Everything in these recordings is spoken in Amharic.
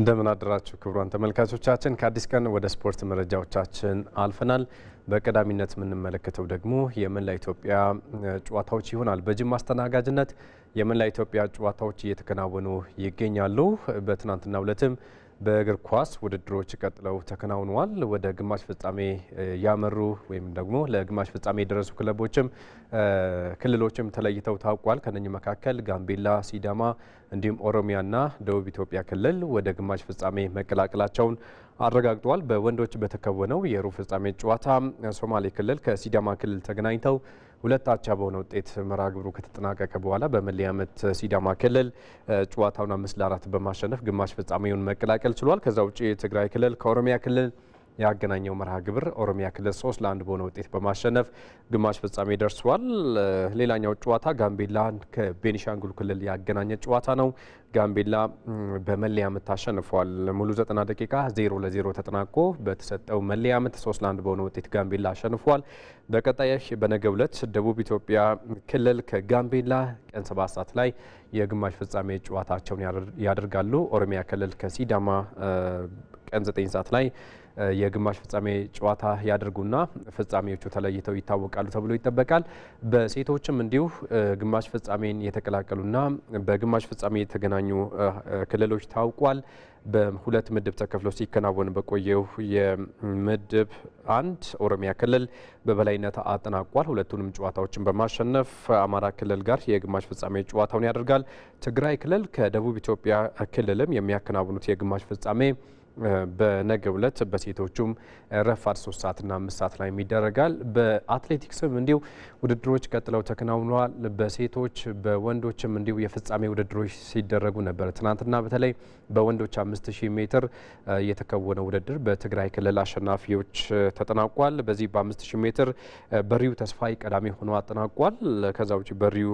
እንደምን አደራችሁ ክቡራን ተመልካቾቻችን። ከአዲስ ቀን ወደ ስፖርት መረጃዎቻችን አልፈናል። በቀዳሚነት የምንመለከተው ደግሞ የመላ ኢትዮጵያ ጨዋታዎች ይሆናል። በጅም አስተናጋጅነት የመላ ኢትዮጵያ ጨዋታዎች እየተከናወኑ ይገኛሉ። በትናንትናው ዕለትም በእግር ኳስ ውድድሮች ቀጥለው ተከናውነዋል። ወደ ግማሽ ፍጻሜ ያመሩ ወይም ደግሞ ለግማሽ ፍጻሜ የደረሱ ክለቦችም ክልሎችም ተለይተው ታውቋል። ከነኚህ መካከል ጋምቤላ፣ ሲዳማ እንዲሁም ኦሮሚያና ደቡብ ኢትዮጵያ ክልል ወደ ግማሽ ፍጻሜ መቀላቀላቸውን አረጋግጧል በወንዶች በተከወነው የሩብ ፍጻሜ ጨዋታ ሶማሌ ክልል ከሲዳማ ክልል ተገናኝተው ሁለት አቻ በሆነ ውጤት መርሃ ግብሩ ከተጠናቀቀ በኋላ በመለያ ምት ሲዳማ ክልል ጨዋታውን አምስት ለአራት በማሸነፍ ግማሽ ፍጻሜውን መቀላቀል ችሏል። ከዛ ውጭ ትግራይ ክልል ከኦሮሚያ ክልል ያገናኘው መርሃ ግብር ኦሮሚያ ክልል ሶስት ለአንድ በሆነ ውጤት በማሸነፍ ግማሽ ፍጻሜ ደርሷል። ሌላኛው ጨዋታ ጋምቤላ ከቤኒሻንጉል ክልል ያገናኘ ጨዋታ ነው። ጋምቤላ በመለያ ምት አሸንፏል። ሙሉ 90 ደቂቃ 0 ለ0 ተጠናቆ በተሰጠው መለያ ምት 3 ለ1 በሆነ ውጤት ጋምቤላ አሸንፏል። በቀጣይ በነገው ዕለት ደቡብ ኢትዮጵያ ክልል ከጋምቤላ ቀን 7 ሰዓት ላይ የግማሽ ፍጻሜ ጨዋታቸውን ያደርጋሉ። ኦሮሚያ ክልል ከሲዳማ ቀን 9 ሰዓት ላይ የግማሽ ፍጻሜ ጨዋታ ያደርጉና ፍጻሜዎቹ ተለይተው ይታወቃሉ ተብሎ ይጠበቃል። በሴቶችም እንዲሁ ግማሽ ፍጻሜን የተቀላቀሉና በግማሽ ፍጻሜ የተገናኙ ክልሎች ታውቋል። በሁለት ምድብ ተከፍሎ ሲከናወን በቆየው የምድብ አንድ ኦሮሚያ ክልል በበላይነት አጠናቋል። ሁለቱንም ጨዋታዎችን በማሸነፍ አማራ ክልል ጋር የግማሽ ፍጻሜ ጨዋታውን ያደርጋል። ትግራይ ክልል ከደቡብ ኢትዮጵያ ክልልም የሚያከናውኑት የግማሽ ፍጻሜ በነገው ዕለት በሴቶቹም ረፋድ ሶስት ሰዓትና አምስት ሰዓት ላይ ይደረጋል። በአትሌቲክስም እንዲሁ ውድድሮች ቀጥለው ተከናውነዋል። በሴቶች በወንዶችም እንዲሁ የፍጻሜ ውድድሮች ሲደረጉ ነበር። ትናንትና በተለይ በወንዶች አምስት ሺህ ሜትር የተከወነ ውድድር በትግራይ ክልል አሸናፊዎች ተጠናቋል። በዚህ በአምስት ሺህ ሜትር በሪዩ ተስፋይ ቀዳሚ ሆኖ አጠናቋል። ከዛ ውጭ በሪዩ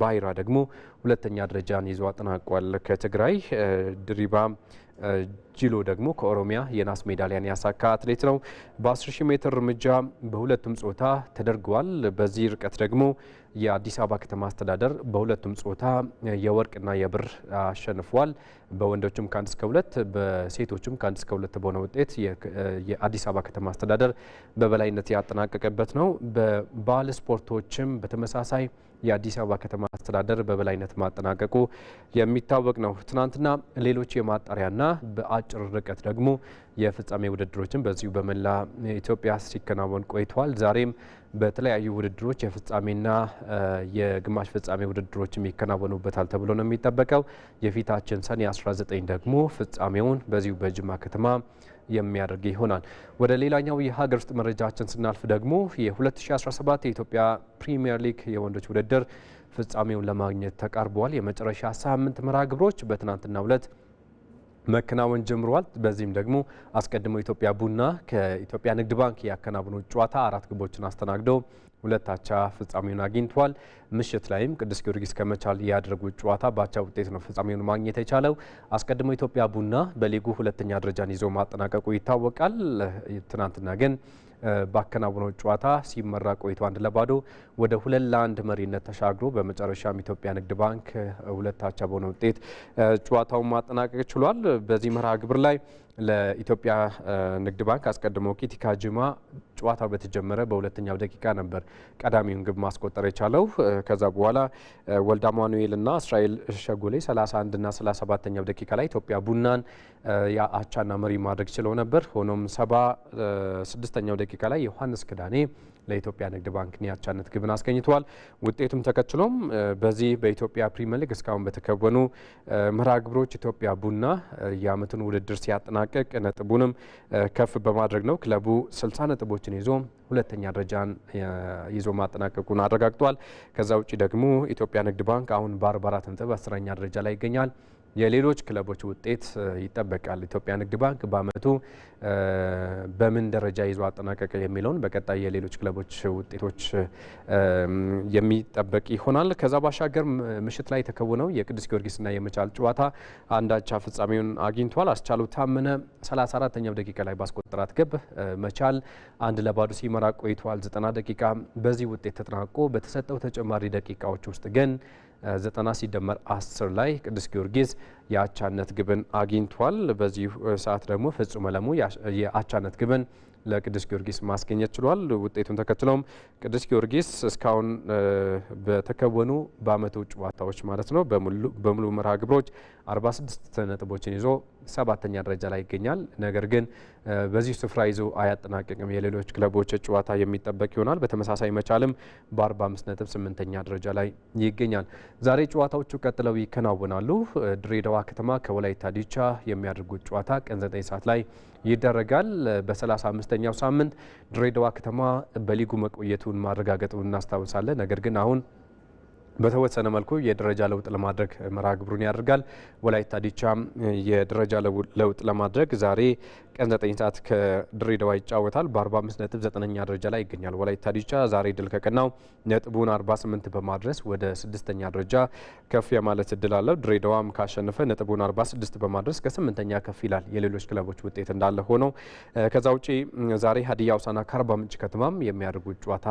ባይራ ደግሞ ሁለተኛ ደረጃን ይዞ አጠናቋል። ከትግራይ ድሪባ ጂሎ ደግሞ ከኦሮሚያ የናስ ሜዳሊያን ያሳካ አትሌት ነው። በ10 ሺህ ሜትር እርምጃ በሁለቱም ጾታ ተደርገዋል። በዚህ ርቀት ደግሞ የአዲስ አበባ ከተማ አስተዳደር በሁለቱም ጾታ የወርቅና የብር አሸንፏል። በወንዶችም ከአንድ እስከ ሁለት በሴቶችም ከአንድ እስከ ሁለት በሆነ ውጤት የአዲስ አበባ ከተማ አስተዳደር በበላይነት ያጠናቀቀበት ነው። በባህል ስፖርቶችም በተመሳሳይ የአዲስ አበባ ከተማ አስተዳደር በበላይነት ማጠናቀቁ የሚታወቅ ነው። ትናንትና ሌሎች የማጣሪያና በአጭር ርቀት ደግሞ የፍጻሜ ውድድሮችን በዚሁ በመላ ኢትዮጵያ ሲከናወን ቆይተዋል። ዛሬም በተለያዩ ውድድሮች የፍጻሜና የግማሽ ፍጻሜ ውድድሮችም ይከናወኑበታል ተብሎ ነው የሚጠበቀው። የፊታችን ሰኔ 19 ደግሞ ፍጻሜውን በዚሁ በጅማ ከተማ የሚያደርግ ይሆናል። ወደ ሌላኛው የሀገር ውስጥ መረጃችን ስናልፍ ደግሞ የ2017 የኢትዮጵያ ፕሪሚየር ሊግ የወንዶች ውድድር ፍጻሜውን ለማግኘት ተቃርበዋል። የመጨረሻ ሳምንት መርሃ ግብሮች በትናንትናው ዕለት መከናወን ጀምሯል በዚህም ደግሞ አስቀድሞ ኢትዮጵያ ቡና ከኢትዮጵያ ንግድ ባንክ ያከናውነው ጨዋታ አራት ግቦችን አስተናግደው ሁለት አቻ ፍጻሜውን አግኝቷል። ምሽት ላይም ቅዱስ ጊዮርጊስ ከመቻል ያደረጉት ጨዋታ በአቻ ውጤት ነው ፍጻሜውን ማግኘት የቻለው። አስቀድሞ ኢትዮጵያ ቡና በሊጉ ሁለተኛ ደረጃን ይዞ ማጠናቀቁ ይታወቃል። ትናንትና ግን ባከናወነው ጨዋታ ሲመራ ቆይቶ አንድ ለባዶ ወደ ሁለት ለአንድ መሪነት ተሻግሮ በመጨረሻም ኢትዮጵያ ንግድ ባንክ ሁለት አቻ በሆነ ውጤት ጨዋታውን ማጠናቀቅ ችሏል። በዚህ መርሃ ግብር ላይ ለኢትዮጵያ ንግድ ባንክ አስቀድሞ ኪቲካ ጅማ ጨዋታው በተጀመረ በሁለተኛው ደቂቃ ነበር ቀዳሚውን ግብ ማስቆጠር የቻለው። ከዛ በኋላ ወልዳ ማኑኤልና እስራኤል ሸጎሌ 31ና 37ኛው ደቂቃ ላይ ኢትዮጵያ ቡናን አቻና መሪ ማድረግ ችለው ነበር። ሆኖም 76 ስድስተኛው ደቂቃ ላይ ዮሐንስ ክዳኔ ለኢትዮጵያ ንግድ ባንክ ኒያቻነት ግብን አስገኝተዋል። ውጤቱም ተከትሎም በዚህ በኢትዮጵያ ፕሪሚየር ሊግ እስካሁን በተከወኑ መርሃ ግብሮች ኢትዮጵያ ቡና የአመቱን ውድድር ሲያጠናቀቅ ነጥቡንም ከፍ በማድረግ ነው። ክለቡ 60 ነጥቦችን ይዞ ሁለተኛ ደረጃን ይዞ ማጠናቀቁን አረጋግጧል። ከዛ ውጭ ደግሞ ኢትዮጵያ ንግድ ባንክ አሁን በ44 ነጥብ አስረኛ ደረጃ ላይ ይገኛል። የሌሎች ክለቦች ውጤት ይጠበቃል። ኢትዮጵያ ንግድ ባንክ በአመቱ በምን ደረጃ ይዞ አጠናቀቀ የሚለውን በቀጣይ የሌሎች ክለቦች ውጤቶች የሚጠበቅ ይሆናል። ከዛ ባሻገር ምሽት ላይ የተከወነው የቅዱስ ጊዮርጊስና የመቻል ጨዋታ አንዳቻ ፍጻሜውን አግኝቷል። አስቻሉ ታመነ 34ኛው ደቂቃ ላይ ባስቆጠራት ግብ መቻል አንድ ለባዶ ሲመራ ቆይቷል። 90 ደቂቃ በዚህ ውጤት ተጠናቆ በተሰጠው ተጨማሪ ደቂቃዎች ውስጥ ግን 90 ሲደመር 10 ላይ ቅዱስ ጊዮርጊስ የአቻነት ግብን አግኝቷል። በዚህ ሰዓት ደግሞ ፍጹም አለሙ የአቻነት ግብን ለቅዱስ ጊዮርጊስ ማስገኘት ችሏል። ውጤቱን ተከትለውም ቅዱስ ጊዮርጊስ እስካሁን በተከወኑ በአመቱ ጨዋታዎች ማለት ነው በሙሉ መርሃ ግብሮች 46 ነጥቦችን ይዞ ሰባተኛ ደረጃ ላይ ይገኛል። ነገር ግን በዚህ ስፍራ ይዞ አያጠናቅቅም። የሌሎች ክለቦች ጨዋታ የሚጠበቅ ይሆናል። በተመሳሳይ መቻልም በ45 ነጥብ ስምንተኛ ደረጃ ላይ ይገኛል። ዛሬ ጨዋታዎቹ ቀጥለው ይከናወናሉ። ድሬዳዋ ከተማ ከወላይታ ዲቻ የሚያደርጉት ጨዋታ ቀን 9 ሰዓት ላይ ይደረጋል። በ35ኛው ሳምንት ድሬዳዋ ከተማ በሊጉ መቆየቱን ማረጋገጡን እናስታውሳለን። ነገር ግን አሁን በተወሰነ መልኩ የደረጃ ለውጥ ለማድረግ መርሃ ግብሩን ያደርጋል። ወላይታ ዲቻ የደረጃ ለውጥ ለማድረግ ዛሬ ቀን 9 ሰዓት ከድሬዳዋ ይጫወታል። በ45 ነጥብ 9ኛ ደረጃ ላይ ይገኛል። ወላይታ ዲቻ ዛሬ ድል ከቀናው ነጥቡን 48 በማድረስ ወደ ስድስተኛ ደረጃ ከፍ የማለት እድል አለው። ድሬዳዋም ካሸነፈ ነጥቡን 46 በማድረስ ከስምንተኛ ከፍ ይላል። የሌሎች ክለቦች ውጤት እንዳለ ሆኖ ከዛ ውጪ ዛሬ ሀዲያ ውሳና ከአርባ ምንጭ ከተማም የሚያደርጉት ጨዋታ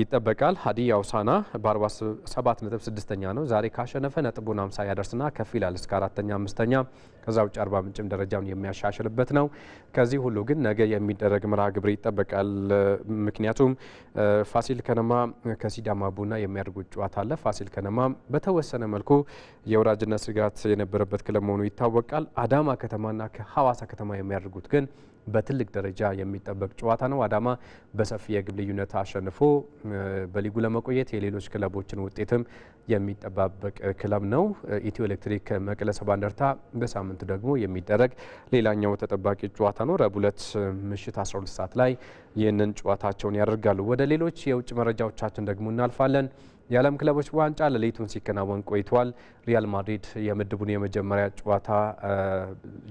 ይጠበቃል። ሀዲያ ውሳና በ47 ነጥብ ስድስተኛ ነው። ዛሬ ካሸነፈ ነጥቡን 50 ያደርስና ከፍ ይላል እስከ አራተኛ አምስተኛ ከዛ ውጭ አርባ ምንጭም ደረጃውን የሚያሻሽልበት ነው። ከዚህ ሁሉ ግን ነገ የሚደረግ መርሃ ግብር ይጠበቃል። ምክንያቱም ፋሲል ከነማ ከሲዳማ ቡና የሚያደርጉት ጨዋታ አለ። ፋሲል ከነማ በተወሰነ መልኩ የወራጅነት ስጋት የነበረበት ክለብ መሆኑ ይታወቃል። አዳማ ከተማና ከሀዋሳ ከተማ የሚያደርጉት ግን በትልቅ ደረጃ የሚጠበቅ ጨዋታ ነው። አዳማ በሰፊ የግብ ልዩነት አሸንፎ በሊጉ ለመቆየት የሌሎች ክለቦችን ውጤትም የሚጠባበቅ ክለብ ነው። ኢትዮ ኤሌክትሪክ መቅለሰ ሰባ እንደርታ ደግሞ የሚደረግ ሌላኛው ተጠባቂ ጨዋታ ነው። ረቡዕ ዕለት ምሽት 12 ሰዓት ላይ ይህንን ጨዋታቸውን ያደርጋሉ። ወደ ሌሎች የውጭ መረጃዎቻችን ደግሞ እናልፋለን። የዓለም ክለቦች ዋንጫ ሌሊቱን ሲከናወን ቆይቷል። ሪያል ማድሪድ የምድቡን የመጀመሪያ ጨዋታ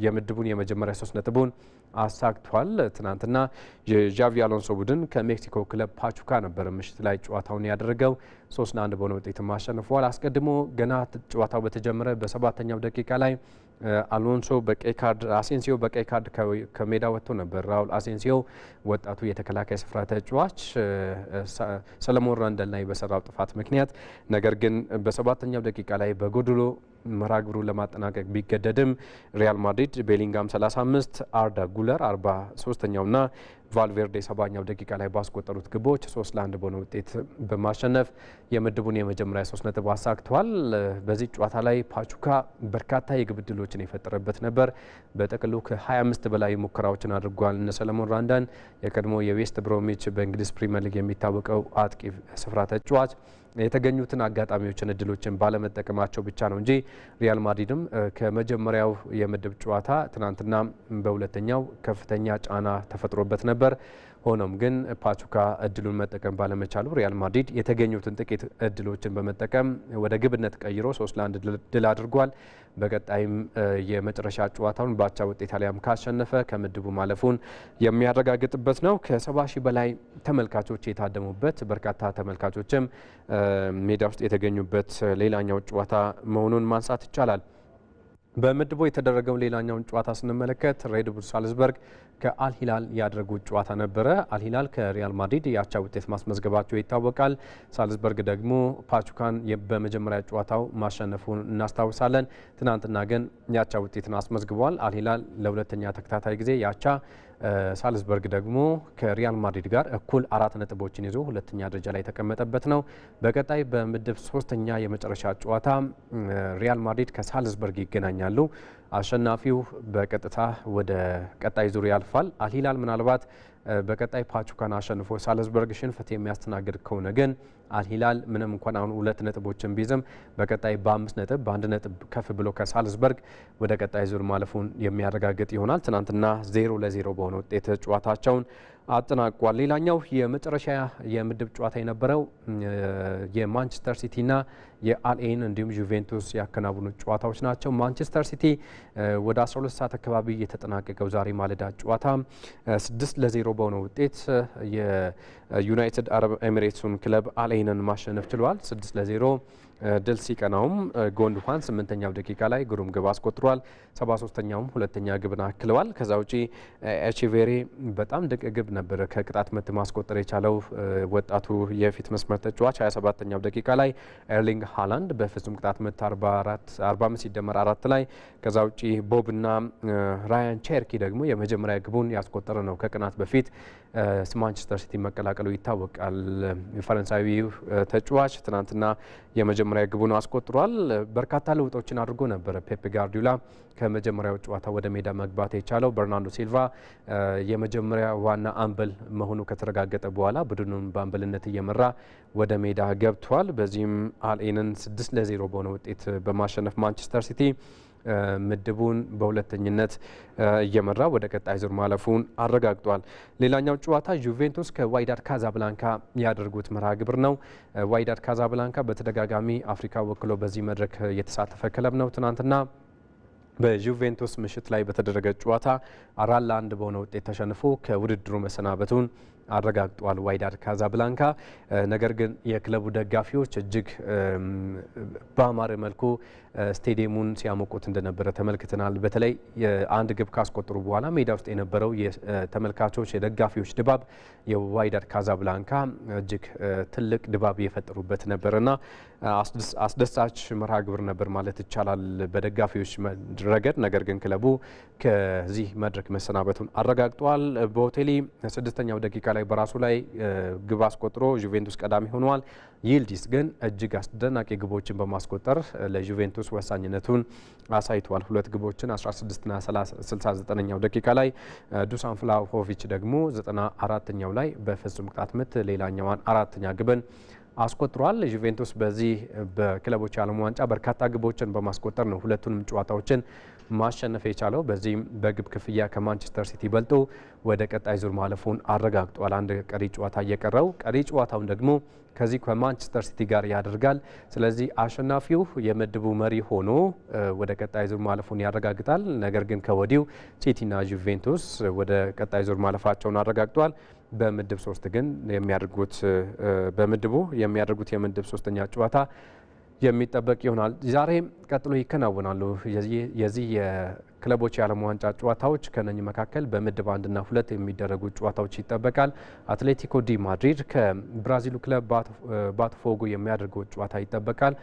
የምድቡን የመጀመሪያ ሶስት ነጥቡን አሳክቷል። ትናንትና የዣቪ አሎንሶ ቡድን ከሜክሲኮ ክለብ ፓቹካ ነበር ምሽት ላይ ጨዋታውን ያደረገው። ሶስት ለአንድ በሆነ ውጤትም አሸንፏል። አስቀድሞ ገና ጨዋታው በተጀመረ በሰባተኛው ደቂቃ ላይ አሎንሶ በቀይ ካርድ አሴንሲዮ በቀይ ካርድ ከሜዳ ወጥቶ ነበር። ራውል አሴንሲዮ ወጣቱ የተከላካይ ስፍራ ተጫዋች ሰለሞን ራንደል ላይ በሰራው ጥፋት ምክንያት ነገር ግን በሰባተኛው ደቂቃ ላይ በጎድሎ መርሃ ግብሩ ለማጠናቀቅ ቢገደድም ሪያል ማድሪድ ቤሊንጋም 35 አርዳ ጉለር 43ኛውና ቫልቬርዴ ሰባኛው ደቂቃ ላይ ባስቆጠሩት ግቦች ሶስት ለአንድ በሆነ ውጤት በማሸነፍ የምድቡን የመጀመሪያ ሶስት ነጥብ አሳክተዋል። በዚህ ጨዋታ ላይ ፓቹካ በርካታ የግብ የፈጠረበት ነበር። በጥቅሉ ከ25 በላይ ሙከራዎችን አድርጓል። እነ ሰለሞን ራንዳን የቀድሞ የዌስት ብሮሚች በእንግሊዝ ፕሪምየር ሊግ የሚታወቀው አጥቂ ስፍራ ተጫዋች የተገኙትን አጋጣሚዎችን እድሎችን ባለመጠቀማቸው ብቻ ነው እንጂ ሪያል ማድሪድም ከመጀመሪያው የምድብ ጨዋታ ትናንትና በሁለተኛው ከፍተኛ ጫና ተፈጥሮበት ነበር። ሆኖም ግን ፓቹካ እድሉን መጠቀም ባለመቻሉ ሪያል ማድሪድ የተገኙትን ጥቂት እድሎችን በመጠቀም ወደ ግብነት ቀይሮ ሶስት ለአንድ ድል አድርጓል። በቀጣይም የመጨረሻ ጨዋታውን በአቻ ውጤት አሊያም ካሸነፈ ከምድቡ ማለፉን የሚያረጋግጥበት ነው። ከሰባ ሺህ በላይ ተመልካቾች የታደሙበት በርካታ ተመልካቾችም ሜዳ ውስጥ የተገኙበት ሌላኛው ጨዋታ መሆኑን ማንሳት ይቻላል። በምድቡ የተደረገውን ሌላኛውን ጨዋታ ስንመለከት ሬድ ቡል ሳልዝበርግ ከአልሂላል ያደረጉት ጨዋታ ነበረ። አልሂላል ከሪያል ማድሪድ የአቻ ውጤት ማስመዝገባቸው ይታወቃል። ሳልዝበርግ ደግሞ ፓቹካን በመጀመሪያ ጨዋታው ማሸነፉን እናስታውሳለን። ትናንትና ግን የአቻ ውጤትን አስመዝግቧል። አልሂላል ለሁለተኛ ተከታታይ ጊዜ የአቻ ሳልስበርግ ደግሞ ከሪያል ማድሪድ ጋር እኩል አራት ነጥቦችን ይዞ ሁለተኛ ደረጃ ላይ የተቀመጠበት ነው። በቀጣይ በምድብ ሶስተኛ የመጨረሻ ጨዋታ ሪያል ማድሪድ ከሳልስበርግ ይገናኛሉ። አሸናፊው በቀጥታ ወደ ቀጣይ ዙር ያልፋል። አልሂላል ምናልባት በቀጣይ ፓቹካን አሸንፎ ሳልስበርግ ሽንፈት የሚያስተናግድ ከሆነ ግን አልሂላል ምንም እንኳን አሁን ሁለት ነጥቦችን ቢይዝም በቀጣይ በአምስት ነጥብ በአንድ ነጥብ ከፍ ብሎ ከሳልስበርግ ወደ ቀጣይ ዙር ማለፉን የሚያረጋግጥ ይሆናል። ትናንትና ዜሮ ለዜሮ በሆነ ውጤት ጨዋታቸውን አጠናቋል። ሌላኛው የመጨረሻ የምድብ ጨዋታ የነበረው የማንቸስተር ሲቲና የአልኤን እንዲሁም ዩቬንቱስ ያከናውኑ ጨዋታዎች ናቸው። ማንቸስተር ሲቲ ወደ 12 ሰዓት አካባቢ የተጠናቀቀው ዛሬ ማለዳ ጨዋታ 6 ለ0 በሆነ ውጤት የዩናይትድ አረብ ኤሚሬትሱን ክለብ አልኤንን ማሸነፍ ችሏል። 6 ለ0 ድል ሲቀናውም ጎንደፋን ስምንተኛው ደቂቃ ላይ ግሩም ግብ አስቆጥሯል። ሰባ ሶስተኛውም ሁለተኛ ግብን አክለዋል። ከዛ ውጪ ኤችቬሬ በጣም ድንቅ ግብ ነበር ከቅጣት ምት ማስቆጠር የቻለው ወጣቱ የፊት መስመር ተጫዋች ሀያ ሰባተኛው ደቂቃ ላይ ኤርሊንግ ሃላንድ በፍጹም ቅጣት ምት 45 ሲደመር አራት ላይ ከዛ ውጪ ቦብና ራያን ቸርኪ ደግሞ የመጀመሪያ ግቡን ያስቆጠረ ነው ከቅናት በፊት ማንቸስተር ሲቲ መቀላቀሉ ይታወቃል። የፈረንሳዊው ተጫዋች ትናንትና የመጀመሪያ ግቡን አስቆጥሯል። በርካታ ለውጦችን አድርጎ ነበር ፔፕ ጋርዲዮላ ከመጀመሪያው ጨዋታ ወደ ሜዳ መግባት የቻለው በርናንዶ ሲልቫ የመጀመሪያ ዋና አምበል መሆኑ ከተረጋገጠ በኋላ ቡድኑን በአምበልነት እየመራ ወደ ሜዳ ገብቷል። በዚህም አልኤንን ስድስት ለዜሮ በሆነ ውጤት በማሸነፍ ማንቸስተር ሲቲ ምድቡን በሁለተኝነት እየመራ ወደ ቀጣይ ዙር ማለፉን አረጋግጧል። ሌላኛው ጨዋታ ዩቬንቱስ ከዋይዳድ ካዛብላንካ ያደርጉት መርሃ ግብር ነው። ዋይዳድ ካዛብላንካ በተደጋጋሚ አፍሪካ ወክሎ በዚህ መድረክ የተሳተፈ ክለብ ነው። ትናንትና በዩቬንቱስ ምሽት ላይ በተደረገ ጨዋታ አራት ለአንድ በሆነ ውጤት ተሸንፎ ከውድድሩ መሰናበቱን አረጋግጧል ዋይዳድ ካዛብላንካ። ነገር ግን የክለቡ ደጋፊዎች እጅግ በአማረ መልኩ ስቴዲየሙን ሲያሞቁት እንደነበረ ተመልክተናል። በተለይ አንድ ግብ ካስቆጠሩ በኋላ ሜዳ ውስጥ የነበረው የተመልካቾች የደጋፊዎች ድባብ የዋይዳድ ካዛብላንካ እጅግ ትልቅ ድባብ የፈጠሩበት ነበርና አስደሳች መርሃ ግብር ነበር ማለት ይቻላል በደጋፊዎች ረገድ። ነገር ግን ክለቡ ከዚህ መድረክ መሰናበቱን አረጋግጧል። በሆቴሌ ስድስተኛው ደቂቃ ላይ በራሱ ላይ ግብ አስቆጥሮ ጁቬንቱስ ቀዳሚ ሆኗል። ይልዲስ ግን እጅግ አስደናቂ ግቦችን በማስቆጠር ለጁቬንቱስ ወሳኝነቱን አሳይቷል። ሁለት ግቦችን 16ና 69ኛው ደቂቃ ላይ ዱሳን ፍላሆቪች ደግሞ 94ኛው ላይ በፍጹም ቅጣት ምት ሌላኛዋን አራተኛ ግብን አስቆጥሯል። ዩቬንቱስ በዚህ በክለቦች የዓለም ዋንጫ በርካታ ግቦችን በማስቆጠር ነው ሁለቱንም ጨዋታዎችን ማሸነፍ የቻለው። በዚህም በግብ ክፍያ ከማንቸስተር ሲቲ በልጦ ወደ ቀጣይ ዙር ማለፉን አረጋግጧል። አንድ ቀሪ ጨዋታ እየቀረው ቀሪ ጨዋታውን ደግሞ ከዚህ ከማንቸስተር ሲቲ ጋር ያደርጋል። ስለዚህ አሸናፊው የምድቡ መሪ ሆኖ ወደ ቀጣይ ዙር ማለፉን ያረጋግጣል። ነገር ግን ከወዲሁ ሲቲና ጁቬንቱስ ወደ ቀጣይ ዙር ማለፋቸውን አረጋግጧል። በምድብ ሶስት ግን የሚያደርጉት በምድቡ የሚያደርጉት የምድብ ሶስተኛ ጨዋታ የሚጠበቅ ይሆናል። ዛሬ ቀጥሎ ይከናወናሉ የዚህ የክለቦች የዓለም ዋንጫ ጨዋታዎች። ከነኝ መካከል በምድብ አንድና ሁለት የሚደረጉ ጨዋታዎች ይጠበቃል። አትሌቲኮ ዲ ማድሪድ ከብራዚሉ ክለብ ባቶፎጎ የሚያደርገው ጨዋታ ይጠበቃል።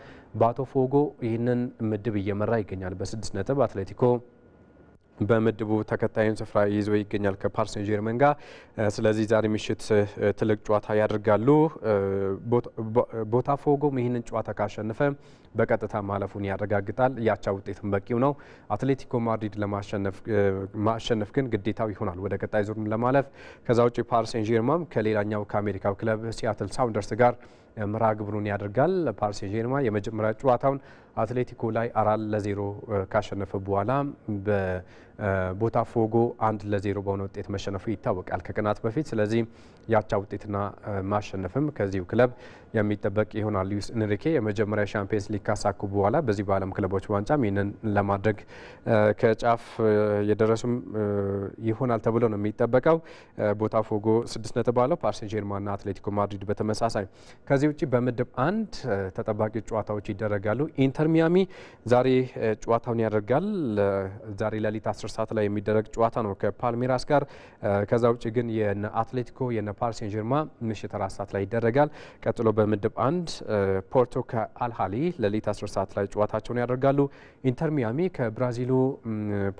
ባቶፎጎ ይህንን ምድብ እየመራ ይገኛል በስድስት ነጥብ አትሌቲኮ በምድቡ ተከታዩን ስፍራ ይዞ ይገኛል ከፓርስ ጀርመን ጋር። ስለዚህ ዛሬ ምሽት ትልቅ ጨዋታ ያደርጋሉ። ቦታፎጎም ይህንን ጨዋታ ካሸነፈ በቀጥታ ማለፉን ያረጋግጣል። ያቻ ውጤትም በቂው ነው። አትሌቲኮ ማድሪድ ለማሸነፍ ግን ግዴታው ይሆናል ወደ ቀጣይ ዙርም ለማለፍ። ከዛ ውጭ ፓርስ ጀርማም ከሌላኛው ከአሜሪካው ክለብ ሲያትል ሳውንደርስ ጋር ምራ ግብሩን ያደርጋል። ፓሪስ ሴንጀርማ የመጀመሪያ ጨዋታውን አትሌቲኮ ላይ አራት ለዜሮ ካሸነፈ በኋላ ቦታፎጎ አንድ ለዜሮ በሆነ ውጤት መሸነፉ ይታወቃል ከቀናት በፊት። ስለዚህ ያቻ ውጤትና ማሸነፍም ከዚሁ ክለብ የሚጠበቅ ይሆናል። ሉዊስ ኢንሪኬ የመጀመሪያ ሻምፒየንስ ሊግ ካሳኩ በኋላ በዚህ በዓለም ክለቦች ዋንጫም ይህንን ለማድረግ ከጫፍ የደረሱም ይሆናል ተብሎ ነው የሚጠበቀው። ቦታፎጎ ስድስት ነጥብ አለው። ፓሪስ ጀርማንና አትሌቲኮ ማድሪድ በተመሳሳይ። ከዚህ ውጭ በምድብ አንድ ተጠባቂ ጨዋታዎች ይደረጋሉ። ኢንተር ሚያሚ ዛሬ ጨዋታውን ያደርጋል። ዛሬ ሌሊት አስር ሰዓት ላይ የሚደረግ ጨዋታ ነው ከፓልሜራስ ጋር። ከዛ ውጭ ግን የነ አትሌቲኮ የነ ፓሪስ ሴን ጀርማ ምሽት አራት ሰዓት ላይ ይደረጋል። ቀጥሎ በምድብ አንድ ፖርቶ ከአልሃሊ ሌሊት አስር ሰዓት ላይ ጨዋታቸውን ያደርጋሉ። ኢንተር ሚያሚ ከብራዚሉ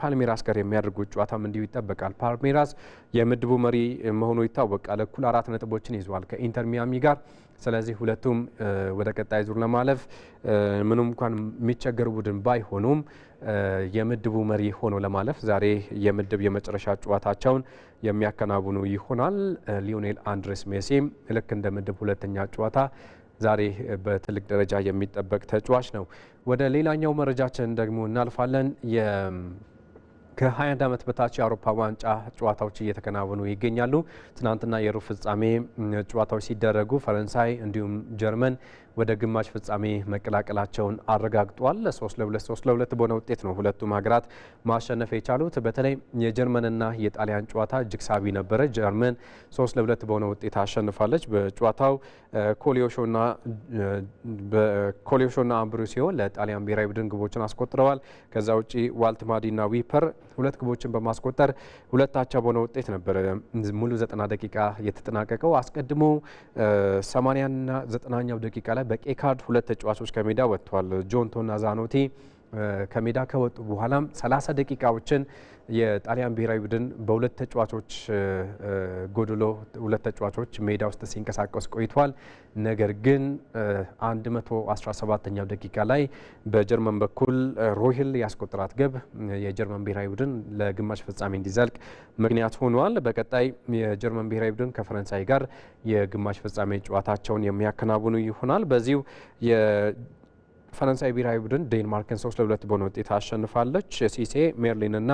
ፓልሜራስ ጋር የሚያደርጉት ጨዋታም እንዲሁ ይጠበቃል። ፓልሜራስ የምድቡ መሪ መሆኑ ይታወቃል። እኩል አራት ነጥቦችን ይዟል ከኢንተር ሚያሚ ጋር። ስለዚህ ሁለቱም ወደ ቀጣይ ዙር ለማለፍ ምንም እንኳን የሚቸገር ቡድን ባይሆኑም የምድቡ መሪ ሆኖ ለማለፍ ዛሬ የምድብ የመጨረሻ ጨዋታቸውን የሚያከናውኑ ይሆናል። ሊዮኔል አንድሬስ ሜሲ ልክ እንደ ምድብ ሁለተኛ ጨዋታ ዛሬ በትልቅ ደረጃ የሚጠበቅ ተጫዋች ነው። ወደ ሌላኛው መረጃችን ደግሞ እናልፋለን። ከ21 ዓመት በታች የአውሮፓ ዋንጫ ጨዋታዎች እየተከናወኑ ይገኛሉ። ትናንትና የሩብ ፍጻሜ ጨዋታዎች ሲደረጉ ፈረንሳይ እንዲሁም ጀርመን ወደ ግማሽ ፍጻሜ መቀላቀላቸውን አረጋግጧል። ሶስት ለሁለት ሶስት ለሁለት በሆነ ውጤት ነው ሁለቱም ሀገራት ማሸነፍ የቻሉት። በተለይ የጀርመንና የጣሊያን ጨዋታ እጅግ ሳቢ ነበረ። ጀርመን ሶስት ለሁለት በሆነ ውጤት አሸንፋለች። በጨዋታው ኮሊዮሾና አምብሩሲዮ ለጣሊያን ብሔራዊ ቡድን ግቦችን አስቆጥረዋል። ከዛ ውጪ ዋልትማዲና ዊፐር ሁለት ክቦችን በማስቆጠር ሁለታቸው በሆነ ውጤት ነበረ ሙሉ 90 ደቂቃ የተጠናቀቀው። አስቀድሞ 8 ና 90 ደቂቃ ላይ በቀይ ሁለት ተጫዋቾች ከሜዳ ወጥተዋል። ጆንቶና ዛኖቲ ከሜዳ ከወጡ በኋላም 30 ደቂቃዎችን የጣሊያን ብሔራዊ ቡድን በሁለት ተጫዋቾች ጎድሎ ሁለት ተጫዋቾች ሜዳ ውስጥ ሲንቀሳቀስ ቆይቷል። ነገር ግን 117ኛው ደቂቃ ላይ በጀርመን በኩል ሮሂል ያስቆጠራት ግብ የጀርመን ብሔራዊ ቡድን ለግማሽ ፍጻሜ እንዲዘልቅ ምክንያት ሆኗል። በቀጣይ የጀርመን ብሔራዊ ቡድን ከፈረንሳይ ጋር የግማሽ ፍጻሜ ጨዋታቸውን የሚያከናውኑ ይሆናል። በዚሁ ፈረንሳይ ብሔራዊ ቡድን ዴንማርክን ሶስት ለሁለት በሆነ ውጤት አሸንፋለች። ሲሴ ሜርሊን ና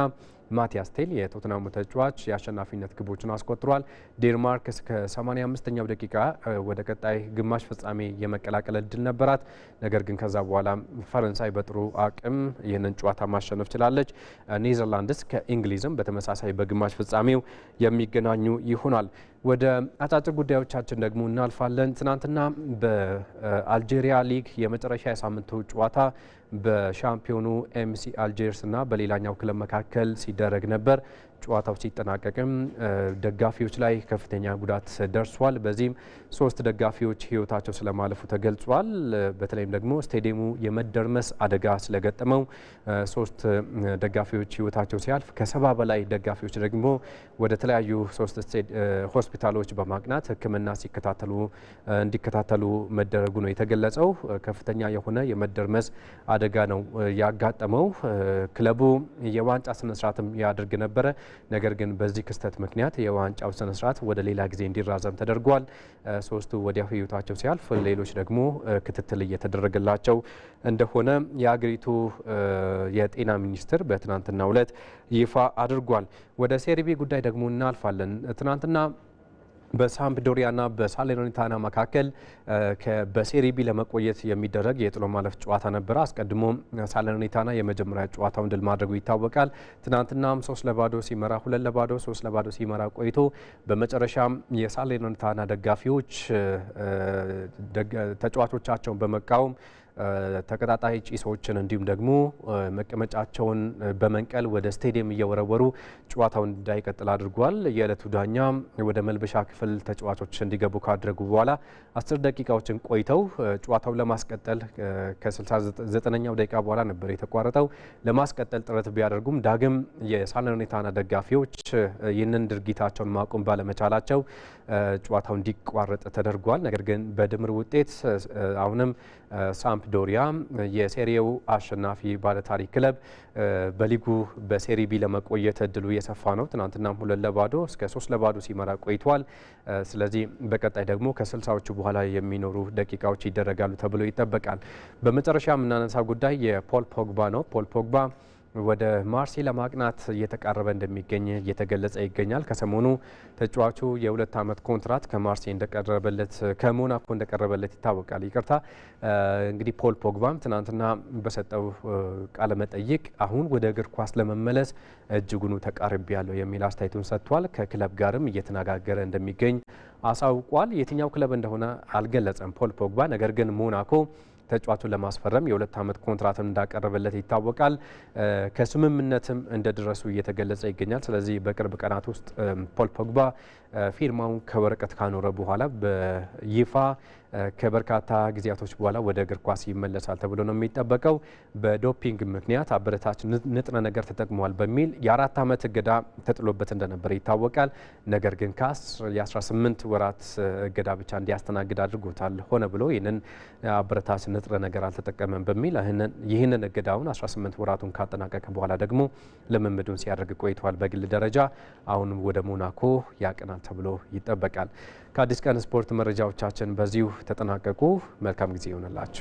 ማቲያስ ቴል የቶትናሙ ተጫዋች የአሸናፊነት ግቦችን አስቆጥሯል። ዴንማርክ እስከ 85ኛው ደቂቃ ወደ ቀጣይ ግማሽ ፍጻሜ የመቀላቀል እድል ነበራት። ነገር ግን ከዛ በኋላ ፈረንሳይ በጥሩ አቅም ይህንን ጨዋታ ማሸነፍ ችላለች። ኔዘርላንድስ ከእንግሊዝም በተመሳሳይ በግማሽ ፍጻሜው የሚገናኙ ይሆናል። ወደ አጫጭር ጉዳዮቻችን ደግሞ እናልፋለን። ትናንትና በአልጄሪያ ሊግ የመጨረሻ የሳምንቱ ጨዋታ በሻምፒዮኑ ኤምሲ አልጄርስ እና በሌላኛው ክለብ መካከል ሲደረግ ነበር። ጨዋታው ሲጠናቀቅም ደጋፊዎች ላይ ከፍተኛ ጉዳት ደርሷል። በዚህም ሶስት ደጋፊዎች ህይወታቸው ስለማለፉ ተገልጿል። በተለይም ደግሞ ስቴዲየሙ የመደርመስ አደጋ ስለገጠመው ሶስት ደጋፊዎች ህይወታቸው ሲያልፍ ከሰባ በላይ ደጋፊዎች ደግሞ ወደ ተለያዩ ሶስት ሆስፒታሎች በማቅናት ሕክምና ሲከታተሉ እንዲከታተሉ መደረጉ ነው የተገለጸው። ከፍተኛ የሆነ የመደርመስ አደጋ ነው ያጋጠመው። ክለቡ የዋንጫ ስነስርዓትም ያደርግ ነበረ። ነገር ግን በዚህ ክስተት ምክንያት የዋንጫው ስነስርዓት ወደ ሌላ ጊዜ እንዲራዘም ተደርጓል። ሶስቱ ወዲያው ህይወታቸው ሲያልፍ፣ ሌሎች ደግሞ ክትትል እየተደረገላቸው እንደሆነ የአገሪቱ የጤና ሚኒስትር በትናንትናው ዕለት ይፋ አድርጓል። ወደ ሴሪቢ ጉዳይ ደግሞ እናልፋለን። ትናንትና በሳምፕዶሪያና በሳሌርኒታና መካከል በሴሪቢ ለመቆየት የሚደረግ የጥሎ ማለፍ ጨዋታ ነበረ። አስቀድሞ ሳሌርኒታና የመጀመሪያ ጨዋታውን ድል ማድረጉ ይታወቃል። ትናንትናም ሶስት ለባዶ ሲመራ ሁለት ለባዶ ሶስት ለባዶ ሲመራ ቆይቶ በመጨረሻም የሳሌርኒታና ደጋፊዎች ተጫዋቾቻቸውን በመቃወም ተቀጣጣይ ጭሶችን እንዲሁም ደግሞ መቀመጫቸውን በመንቀል ወደ ስቴዲየም እየወረወሩ ጨዋታውን እንዳይቀጥል አድርጓል። የዕለቱ ዳኛ ወደ መልበሻ ክፍል ተጫዋቾች እንዲገቡ ካደረጉ በኋላ አስር ደቂቃዎችን ቆይተው ጨዋታውን ለማስቀጠል ከ69ኛው ደቂቃ በኋላ ነበር የተቋረጠው። ለማስቀጠል ጥረት ቢያደርጉም ዳግም የሳለርኒታና ደጋፊዎች ይህንን ድርጊታቸውን ማቆም ባለመቻላቸው ጨዋታው እንዲቋረጥ ተደርጓል። ነገር ግን በድምር ውጤት አሁንም ሳም ሳምፕዶሪያ የሴሪው አሸናፊ ባለታሪክ ክለብ በሊጉ በሴሪ ቢ ለመቆየት እድሉ የሰፋ ነው። ትናንትና ሁለት ለባዶ እስከ ሶስት ለባዶ ሲመራ ቆይቷል። ስለዚህ በቀጣይ ደግሞ ከስልሳዎቹ በኋላ የሚኖሩ ደቂቃዎች ይደረጋሉ ተብሎ ይጠበቃል። በመጨረሻ የምናነሳ ጉዳይ የፖል ፖግባ ነው። ፖል ፖግባ ወደ ማርሴይ ለማቅናት እየተቃረበ እንደሚገኝ እየተገለጸ ይገኛል። ከሰሞኑ ተጫዋቹ የሁለት ዓመት ኮንትራት ከማርሴይ እንደቀረበለት ከሞናኮ እንደቀረበለት ይታወቃል። ይቅርታ እንግዲህ ፖል ፖግባም ትናንትና በሰጠው ቃለ መጠይቅ አሁን ወደ እግር ኳስ ለመመለስ እጅጉኑ ተቃርቢ ያለው የሚል አስተያየቱን ሰጥቷል። ከክለብ ጋርም እየተነጋገረ እንደሚገኝ አሳውቋል። የትኛው ክለብ እንደሆነ አልገለጸም ፖል ፖግባ ነገር ግን ሞናኮ ተጫዋቹን ለማስፈረም የሁለት ዓመት ኮንትራትም እንዳቀረበለት ይታወቃል። ከስምምነትም እንደደረሱ እየተገለጸ ይገኛል። ስለዚህ በቅርብ ቀናት ውስጥ ፖል ፖግባ ፊርማውን ከወረቀት ካኖረ በኋላ በይፋ ከበርካታ ጊዜያቶች በኋላ ወደ እግር ኳስ ይመለሳል ተብሎ ነው የሚጠበቀው። በዶፒንግ ምክንያት አበረታች ንጥረ ነገር ተጠቅሟል በሚል የአራት ዓመት እገዳ ተጥሎበት እንደነበረ ይታወቃል። ነገር ግን ካስ የ18 ወራት እገዳ ብቻ እንዲያስተናግድ አድርጎታል። ሆነ ብሎ ይህንን አበረታች ንጥረ ነገር አልተጠቀመም በሚል ይህንን እገዳውን 18 ወራቱን ካጠናቀቀ በኋላ ደግሞ ልምምዱን ሲያደርግ ቆይተዋል። በግል ደረጃ አሁን ወደ ሞናኮ ያቀናል ተብሎ ይጠበቃል። ከአዲስ ቀን ስፖርት መረጃዎቻችን በዚሁ ተጠናቀቁ። መልካም ጊዜ ይሆንላችሁ።